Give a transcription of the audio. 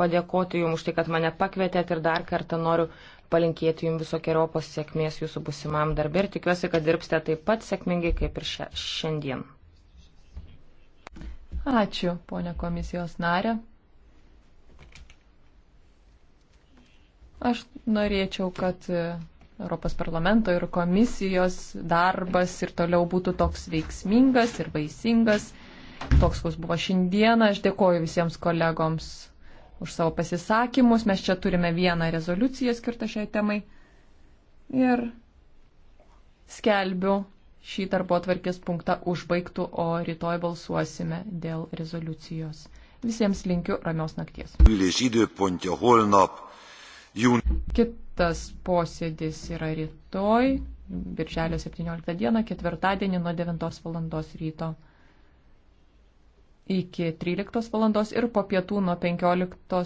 padėkoti Jums už tai, kad mane pakvietėt ir dar kartą noriu palinkėti Jums visokiojopos sėkmės Jūsų busimam darbė ir tikiuosi, kad dirbsite taip pat sėkmingai kaip ir šiandien. Ačiū, ponia komisijos narė. Aš norėčiau, kad e, Europos parlamento ir komisijos darbas ir toliau būtų toks veiksmingas ir vaisingas, toks, koks buvo šiandieną. Aš dėkoju visiems kolegoms už savo pasisakymus. Mes čia turime vieną rezoliuciją skirtą šiai temai. Ir skelbiu šį darbo atvarkės punktą užbaigtų, o rytoj balsuosime dėl rezoliucijos. Visiems linkiu ramios nakties. Kitas posėdis yra rytoj, birželio 17 dieną, ketvirtadienį nuo 9 val. ryto iki 13 valandos ir po pietų nuo 15.